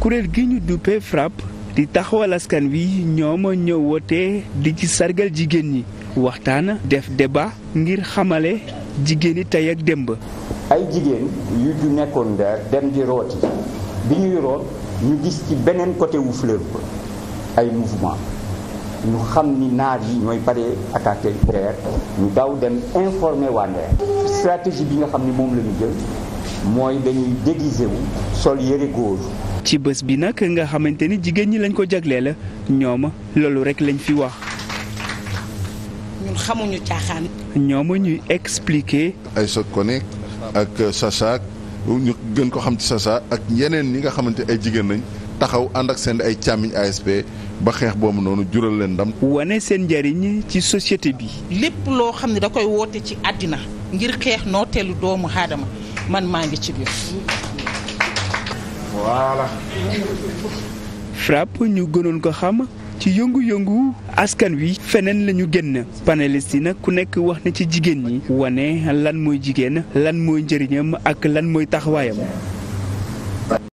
kuréel gi ñu duppee FRAPP di taxawal askan wi ñooma ñëw wootee di ci sargal jigéen ñi waxtaan def débat ngir xamale jigéeni tey ak démb. ay jigéen yu ju nekkoon daar dem di rooti bi ñuy root ñu gis ci beneen côté wu ba ay mouvement ñu xam ni naar yi ñooy paree attaqué Ndeer ñu daw dem informer waa Ndeer stratégie bi nga xam ni moom la ñu jël mooy dañuy déguisé sol yére góor ci bés bi nag nga xamante ni jigéen ñi lañ ko jaglee la ma loolu rek lañu fi wax. ñun xamuñu caaxaan. ñoom ñuy expliquer. ay sa connect ak Sacha ñu gën ko xam ci Sacha ak yeneen ñi nga xamante ay jigéen nañ taxaw ànd ak seen ay càmmiñ ASP ba xeex boobu noonu jural leen ndam. wane seen njariñ ci société bi. lépp loo xam ne da koy woote ci àddina ngir xeex nooteelu doomu aadama man maa ngi ci biir. voilà. ñu gënoon ko xam ci yëngu-yëngu askan wi feneen lañu ñu génn panéliste yi nag ku nekk wax na ci jigéen ñi wane lan mooy jigéen lan mooy njëriñam ak lan mooy taxawaayam.